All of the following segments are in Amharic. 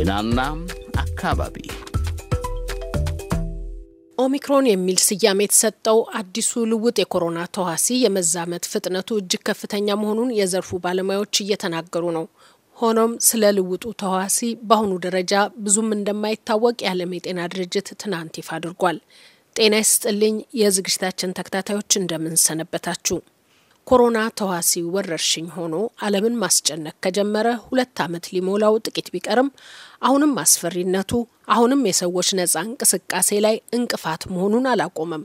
ጤናና አካባቢ ኦሚክሮን የሚል ስያሜ የተሰጠው አዲሱ ልውጥ የኮሮና ተዋሲ የመዛመት ፍጥነቱ እጅግ ከፍተኛ መሆኑን የዘርፉ ባለሙያዎች እየተናገሩ ነው። ሆኖም ስለ ልውጡ ተዋሲ በአሁኑ ደረጃ ብዙም እንደማይታወቅ የዓለም የጤና ድርጅት ትናንት ይፋ አድርጓል። ጤና ይስጥልኝ የዝግጅታችን ተከታታዮች እንደምንሰነበታችሁ። ኮሮና ተዋሲ ወረርሽኝ ሆኖ ዓለምን ማስጨነቅ ከጀመረ ሁለት ዓመት ሊሞላው ጥቂት ቢቀርም አሁንም አስፈሪነቱ አሁንም የሰዎች ነጻ እንቅስቃሴ ላይ እንቅፋት መሆኑን አላቆመም።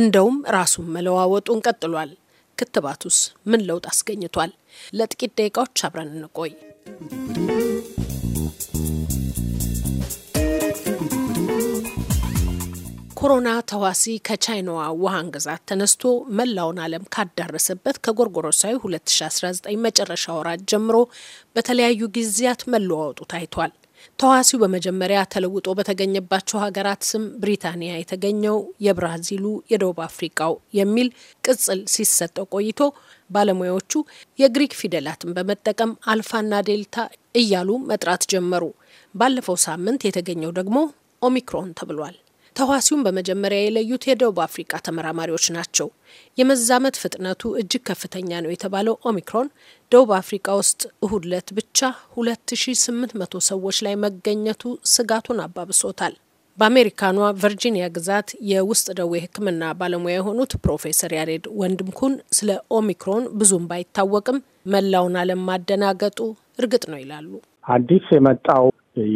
እንደውም ራሱን መለዋወጡን ቀጥሏል። ክትባቱስ ምን ለውጥ አስገኝቷል? ለጥቂት ደቂቃዎች አብረን እንቆይ። የኮሮና ተዋሲ ከቻይናዋ ውሃን ግዛት ተነስቶ መላውን ዓለም ካዳረሰበት ከጎርጎሮሳዊ 2019 መጨረሻ ወራት ጀምሮ በተለያዩ ጊዜያት መለዋወጡ ታይቷል። ተዋሲው በመጀመሪያ ተለውጦ በተገኘባቸው ሀገራት ስም ብሪታንያ የተገኘው የብራዚሉ፣ የደቡብ አፍሪካው የሚል ቅጽል ሲሰጠው ቆይቶ ባለሙያዎቹ የግሪክ ፊደላትን በመጠቀም አልፋና ዴልታ እያሉ መጥራት ጀመሩ። ባለፈው ሳምንት የተገኘው ደግሞ ኦሚክሮን ተብሏል። ተዋሲውን በመጀመሪያ የለዩት የደቡብ አፍሪቃ ተመራማሪዎች ናቸው። የመዛመት ፍጥነቱ እጅግ ከፍተኛ ነው የተባለው ኦሚክሮን ደቡብ አፍሪቃ ውስጥ እሁድ ዕለት ብቻ 2800 ሰዎች ላይ መገኘቱ ስጋቱን አባብሶታል። በአሜሪካኗ ቨርጂኒያ ግዛት የውስጥ ደዌ ሕክምና ባለሙያ የሆኑት ፕሮፌሰር ያሬድ ወንድምኩን ስለ ኦሚክሮን ብዙም ባይታወቅም መላውን ዓለም ማደናገጡ እርግጥ ነው ይላሉ። አዲስ የመጣው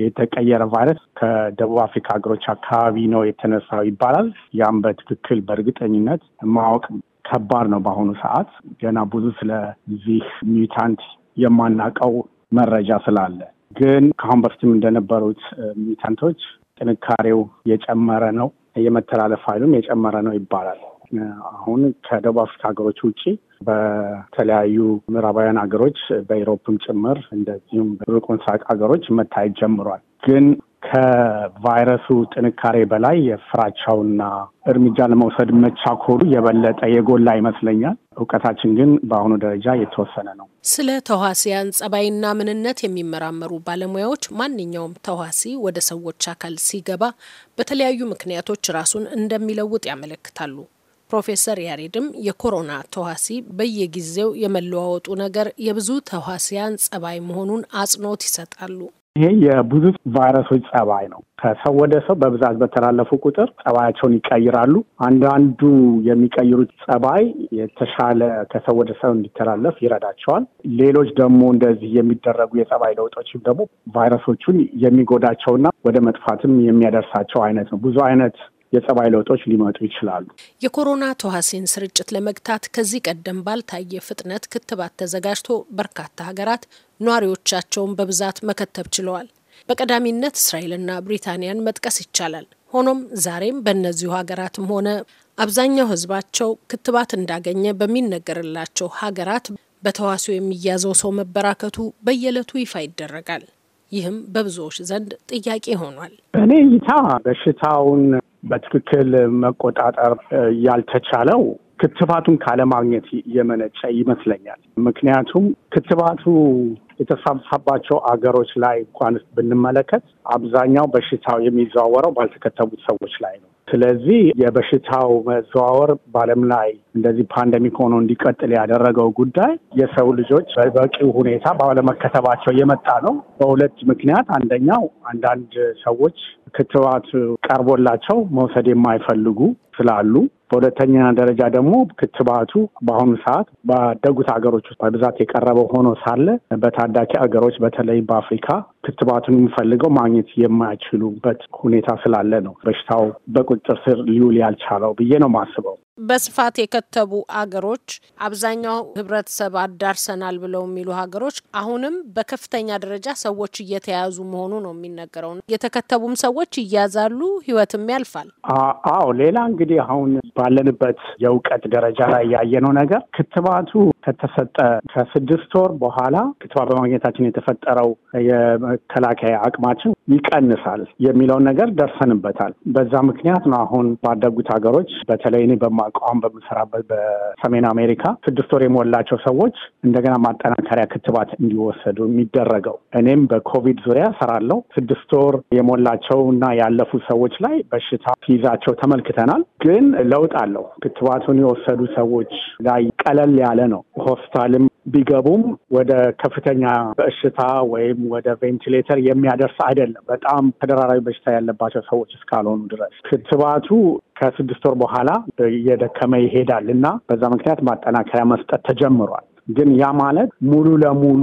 የተቀየረ ቫይረስ ከደቡብ አፍሪካ ሀገሮች አካባቢ ነው የተነሳው ይባላል። ያም በትክክል በእርግጠኝነት ማወቅ ከባድ ነው። በአሁኑ ሰዓት ገና ብዙ ስለዚህ ሚውታንት የማናውቀው መረጃ ስላለ፣ ግን ከአሁን በፊትም እንደነበሩት ሚውታንቶች ጥንካሬው የጨመረ ነው፣ የመተላለፍ ኃይሉም የጨመረ ነው ይባላል። አሁን ከደቡብ አፍሪካ ሀገሮች ውጭ በተለያዩ ምዕራባውያን ሀገሮች በኢሮፕም ጭምር እንደዚሁም ሩቅ ምስራቅ ሀገሮች መታየት ጀምሯል። ግን ከቫይረሱ ጥንካሬ በላይ የፍራቻውና እርምጃ ለመውሰድ መቻኮሉ የበለጠ የጎላ ይመስለኛል። እውቀታችን ግን በአሁኑ ደረጃ የተወሰነ ነው። ስለ ተዋሲያን ጸባይና ምንነት የሚመራመሩ ባለሙያዎች ማንኛውም ተዋሲ ወደ ሰዎች አካል ሲገባ በተለያዩ ምክንያቶች ራሱን እንደሚለውጥ ያመለክታሉ። ፕሮፌሰር ያሬድም የኮሮና ተዋሲ በየጊዜው የመለዋወጡ ነገር የብዙ ተዋሲያን ጸባይ መሆኑን አጽንኦት ይሰጣሉ። ይሄ የብዙ ቫይረሶች ጸባይ ነው። ከሰው ወደ ሰው በብዛት በተላለፉ ቁጥር ጸባያቸውን ይቀይራሉ። አንዳንዱ የሚቀይሩት ጸባይ የተሻለ ከሰው ወደ ሰው እንዲተላለፍ ይረዳቸዋል። ሌሎች ደግሞ እንደዚህ የሚደረጉ የጸባይ ለውጦችም ደግሞ ቫይረሶቹን የሚጎዳቸውና ወደ መጥፋትም የሚያደርሳቸው አይነት ነው። ብዙ አይነት የጸባይ ለውጦች ሊመጡ ይችላሉ። የኮሮና ተዋሲን ስርጭት ለመግታት ከዚህ ቀደም ባልታየ ፍጥነት ክትባት ተዘጋጅቶ በርካታ ሀገራት ነዋሪዎቻቸውን በብዛት መከተብ ችለዋል። በቀዳሚነት እስራኤልና ብሪታንያን መጥቀስ ይቻላል። ሆኖም ዛሬም በእነዚሁ ሀገራትም ሆነ አብዛኛው ሕዝባቸው ክትባት እንዳገኘ በሚነገርላቸው ሀገራት በተዋሲው የሚያዘው ሰው መበራከቱ በየዕለቱ ይፋ ይደረጋል። ይህም በብዙዎች ዘንድ ጥያቄ ሆኗል። እኔ እይታ በሽታውን በትክክል መቆጣጠር ያልተቻለው ክትባቱን ካለማግኘት የመነጨ ይመስለኛል። ምክንያቱም ክትባቱ የተሳሳባቸው አገሮች ላይ እንኳን ብንመለከት አብዛኛው በሽታው የሚዘዋወረው ባልተከተቡት ሰዎች ላይ ነው። ስለዚህ የበሽታው መዘዋወር በዓለም ላይ እንደዚህ ፓንደሚክ ሆኖ እንዲቀጥል ያደረገው ጉዳይ የሰው ልጆች በበቂ ሁኔታ ባለመከተባቸው የመጣ ነው። በሁለት ምክንያት፣ አንደኛው አንዳንድ ሰዎች ክትባት ቀርቦላቸው መውሰድ የማይፈልጉ ስላሉ በሁለተኛ ደረጃ ደግሞ ክትባቱ በአሁኑ ሰዓት ባደጉት ሀገሮች ውስጥ በብዛት የቀረበው ሆኖ ሳለ በታዳጊ ሀገሮች በተለይ በአፍሪካ ክትባቱን የሚፈልገው ማግኘት የማይችሉበት ሁኔታ ስላለ ነው በሽታው በቁጥጥር ስር ሊውል ያልቻለው ብዬ ነው ማስበው። በስፋት የከተቡ አገሮች አብዛኛው ህብረተሰብ አዳርሰናል ብለው የሚሉ ሀገሮች አሁንም በከፍተኛ ደረጃ ሰዎች እየተያዙ መሆኑ ነው የሚነገረው። የተከተቡም ሰዎች እያዛሉ ህይወትም ያልፋል። አዎ ሌላ እንግዲህ አሁን ባለንበት የእውቀት ደረጃ ላይ ያየነው ነገር ክትባቱ ከተሰጠ ከስድስት ወር በኋላ ክትባት በማግኘታችን የተፈጠረው የመከላከያ አቅማችን ይቀንሳል የሚለውን ነገር ደርሰንበታል። በዛ ምክንያት ነው አሁን ባደጉት ሀገሮች በተለይ እኔ በማቋም በምሰራበት በሰሜን አሜሪካ ስድስት ወር የሞላቸው ሰዎች እንደገና ማጠናከሪያ ክትባት እንዲወሰዱ የሚደረገው። እኔም በኮቪድ ዙሪያ ሰራለው። ስድስት ወር የሞላቸው እና ያለፉ ሰዎች ላይ በሽታ ይዛቸው ተመልክተናል። ግን ለውጥ አለው። ክትባቱን የወሰዱ ሰዎች ላይ ቀለል ያለ ነው። ሆስፒታልም ቢገቡም ወደ ከፍተኛ በእሽታ ወይም ወደ ቬንቲሌተር የሚያደርስ አይደለም። በጣም ተደራራዊ በሽታ ያለባቸው ሰዎች እስካልሆኑ ድረስ ክትባቱ ከስድስት ወር በኋላ እየደከመ ይሄዳል እና በዛ ምክንያት ማጠናከሪያ መስጠት ተጀምሯል። ግን ያ ማለት ሙሉ ለሙሉ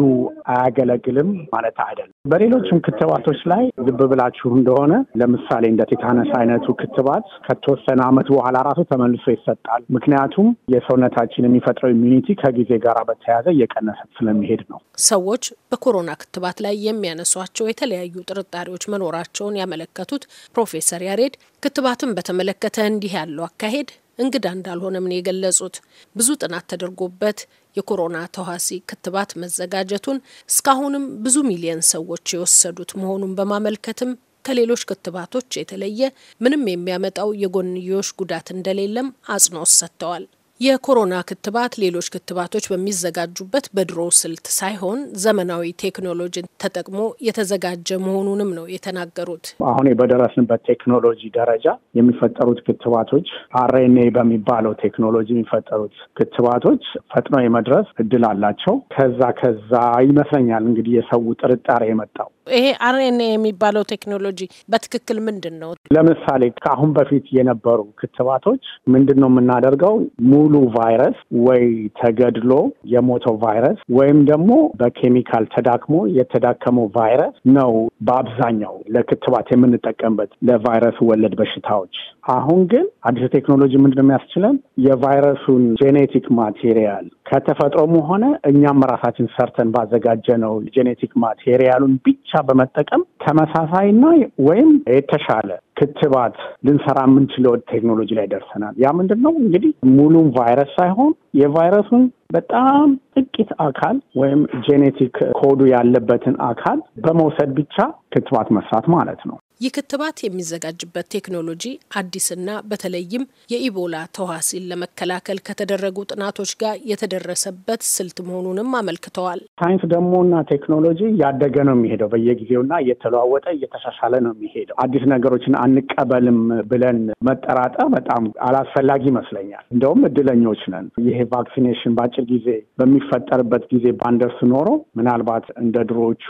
አያገለግልም ማለት አይደለም። በሌሎችም ክትባቶች ላይ ልብ ብላችሁ እንደሆነ ለምሳሌ እንደ ቲታነስ አይነቱ ክትባት ከተወሰነ ዓመት በኋላ ራሱ ተመልሶ ይሰጣል። ምክንያቱም የሰውነታችን የሚፈጥረው ኢሚኒቲ ከጊዜ ጋር በተያያዘ እየቀነሰ ስለሚሄድ ነው። ሰዎች በኮሮና ክትባት ላይ የሚያነሷቸው የተለያዩ ጥርጣሬዎች መኖራቸውን ያመለከቱት ፕሮፌሰር ያሬድ ክትባትን በተመለከተ እንዲህ ያለው አካሄድ እንግዳ እንዳልሆነም ነው የገለጹት። ብዙ ጥናት ተደርጎበት የኮሮና ተዋሲ ክትባት መዘጋጀቱን እስካሁንም ብዙ ሚሊየን ሰዎች የወሰዱት መሆኑን በማመልከትም ከሌሎች ክትባቶች የተለየ ምንም የሚያመጣው የጎንዮሽ ጉዳት እንደሌለም አጽንኦት ሰጥተዋል። የኮሮና ክትባት ሌሎች ክትባቶች በሚዘጋጁበት በድሮ ስልት ሳይሆን ዘመናዊ ቴክኖሎጂን ተጠቅሞ የተዘጋጀ መሆኑንም ነው የተናገሩት። አሁን በደረስንበት ቴክኖሎጂ ደረጃ የሚፈጠሩት ክትባቶች አርኤንኤ በሚባለው ቴክኖሎጂ የሚፈጠሩት ክትባቶች ፈጥነው የመድረስ እድል አላቸው። ከዛ ከዛ ይመስለኛል እንግዲህ የሰው ጥርጣሬ የመጣው ይሄ አርኤንኤ የሚባለው ቴክኖሎጂ በትክክል ምንድን ነው? ለምሳሌ ከአሁን በፊት የነበሩ ክትባቶች ምንድን ነው የምናደርገው? ሙሉ ቫይረስ ወይ ተገድሎ የሞተው ቫይረስ ወይም ደግሞ በኬሚካል ተዳክሞ የተዳከመው ቫይረስ ነው በአብዛኛው ለክትባት የምንጠቀምበት ለቫይረስ ወለድ በሽታዎች። አሁን ግን አዲሱ ቴክኖሎጂ ምንድን ነው የሚያስችለን? የቫይረሱን ጄኔቲክ ማቴሪያል ከተፈጥሮም ሆነ እኛም ራሳችን ሰርተን ባዘጋጀ ነው ጄኔቲክ ማቴሪያሉን ብቻ በመጠቀም ተመሳሳይና ወይም የተሻለ ክትባት ልንሰራ የምንችለው ቴክኖሎጂ ላይ ደርሰናል። ያ ምንድን ነው እንግዲህ ሙሉም ቫይረስ ሳይሆን የቫይረሱን በጣም ጥቂት አካል ወይም ጄኔቲክ ኮዱ ያለበትን አካል በመውሰድ ብቻ ክትባት መስራት ማለት ነው። ይህ ክትባት የሚዘጋጅበት ቴክኖሎጂ አዲስና በተለይም የኢቦላ ተዋሲን ለመከላከል ከተደረጉ ጥናቶች ጋር የተደረሰበት ስልት መሆኑንም አመልክተዋል። ሳይንስ ደግሞ እና ቴክኖሎጂ ያደገ ነው የሚሄደው በየጊዜውና እየተለዋወጠ እየተሻሻለ ነው የሚሄደው። አዲስ ነገሮችን አንቀበልም ብለን መጠራጠር በጣም አላስፈላጊ ይመስለኛል። እንደውም እድለኞች ነን። ይሄ ቫክሲኔሽን በአጭር ጊዜ በሚፈጠርበት ጊዜ ባንደርስ ኖሮ ምናልባት እንደ ድሮቹ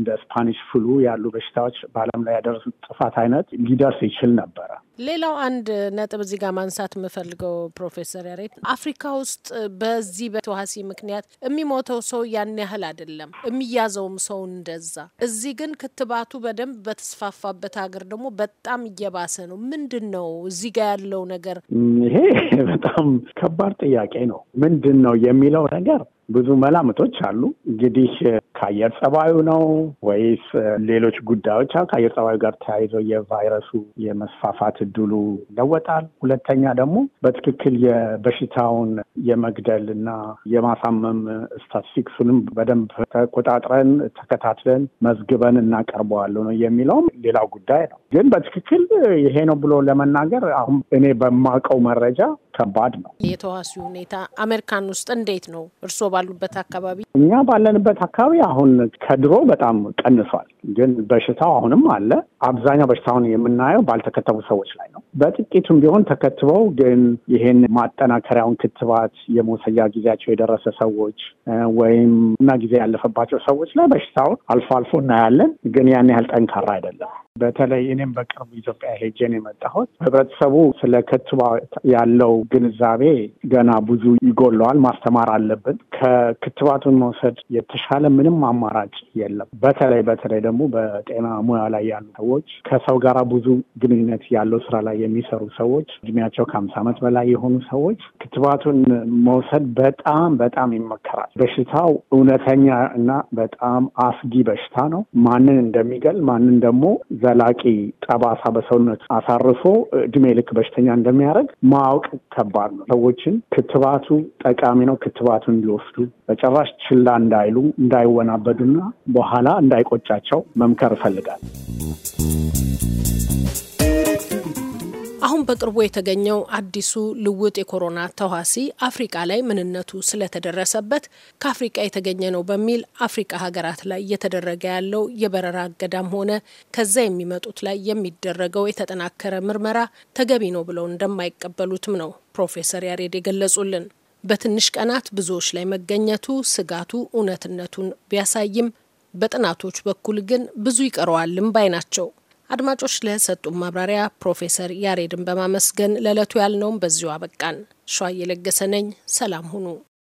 እንደ ስፓኒሽ ፍሉ ያሉ በሽታዎች በዓለም ላይ ያደረ ጥፋት አይነት ሊደርስ ይችል ነበረ። ሌላው አንድ ነጥብ እዚህ ጋር ማንሳት የምፈልገው ፕሮፌሰር ያሬት አፍሪካ ውስጥ በዚህ በተዋሲ ምክንያት የሚሞተው ሰው ያን ያህል አይደለም፣ የሚያዘውም ሰው እንደዛ። እዚህ ግን ክትባቱ በደንብ በተስፋፋበት ሀገር ደግሞ በጣም እየባሰ ነው። ምንድን ነው እዚህ ጋር ያለው ነገር? ይሄ በጣም ከባድ ጥያቄ ነው። ምንድን ነው የሚለው ነገር ብዙ መላምቶች አሉ። እንግዲህ ከአየር ጸባዩ ነው ወይስ ሌሎች ጉዳዮች አሉ? ከአየር ጸባዩ ጋር ተያይዞ የቫይረሱ የመስፋፋት እድሉ ይለወጣል። ሁለተኛ ደግሞ በትክክል የበሽታውን የመግደል እና የማሳመም ስታቲስቲክሱንም በደንብ ተቆጣጥረን ተከታትለን መዝግበን እናቀርበዋለን ነው የሚለውም ሌላው ጉዳይ ነው። ግን በትክክል ይሄ ነው ብሎ ለመናገር አሁን እኔ በማውቀው መረጃ ከባድ ነው። የተዋሲ ሁኔታ አሜሪካን ውስጥ እንዴት ነው እርስዎ ባሉበት አካባቢ? እኛ ባለንበት አካባቢ አሁን ከድሮ በጣም ቀንሷል፣ ግን በሽታው አሁንም አለ። አብዛኛው በሽታውን የምናየው ባልተከተቡ ሰዎች ላይ ነው። በጥቂቱም ቢሆን ተከትበው ግን ይሄን ማጠናከሪያውን ክትባት የመውሰያ ጊዜያቸው የደረሰ ሰዎች ወይም እና ጊዜ ያለፈባቸው ሰዎች ላይ በሽታውን አልፎ አልፎ እናያለን፣ ግን ያን ያህል ጠንካራ አይደለም። በተለይ እኔም በቅርብ ኢትዮጵያ ሄጄን የመጣሁት ህብረተሰቡ ስለ ክትባት ያለው ግንዛቤ ገና ብዙ ይጎለዋል። ማስተማር አለብን። ከክትባቱን መውሰድ የተሻለ ምንም አማራጭ የለም። በተለይ በተለይ ደግሞ በጤና ሙያ ላይ ያሉ ሰዎች ከሰው ጋር ብዙ ግንኙነት ያለው ስራ ላይ የሚሰሩ ሰዎች፣ እድሜያቸው ከአምሳ ዓመት በላይ የሆኑ ሰዎች ክትባቱን መውሰድ በጣም በጣም ይመከራል። በሽታው እውነተኛ እና በጣም አስጊ በሽታ ነው። ማንን እንደሚገል ማንን ደግሞ ዘላቂ ጠባሳ በሰውነት አሳርፎ እድሜ ልክ በሽተኛ እንደሚያደርግ ማወቅ ከባድ ነው። ሰዎችን ክትባቱ ጠቃሚ ነው፣ ክትባቱን ሊወስ እንዳይወስዱ በጭራሽ ችላ እንዳይሉ እንዳይወናበዱና በኋላ እንዳይቆጫቸው መምከር እፈልጋል። አሁን በቅርቡ የተገኘው አዲሱ ልውጥ የኮሮና ተዋሲ አፍሪቃ ላይ ምንነቱ ስለተደረሰበት ከአፍሪቃ የተገኘ ነው በሚል አፍሪቃ ሀገራት ላይ እየተደረገ ያለው የበረራ እገዳም ሆነ ከዛ የሚመጡት ላይ የሚደረገው የተጠናከረ ምርመራ ተገቢ ነው ብለው እንደማይቀበሉትም ነው ፕሮፌሰር ያሬድ የገለጹልን። በትንሽ ቀናት ብዙዎች ላይ መገኘቱ ስጋቱ እውነትነቱን ቢያሳይም በጥናቶች በኩል ግን ብዙ ይቀረዋልም ባይ ናቸው። አድማጮች ለሰጡን ማብራሪያ ፕሮፌሰር ያሬድን በማመስገን ለዕለቱ ያልነውም በዚሁ አበቃን። ሸዋ የለገሰነኝ ነኝ። ሰላም ሁኑ።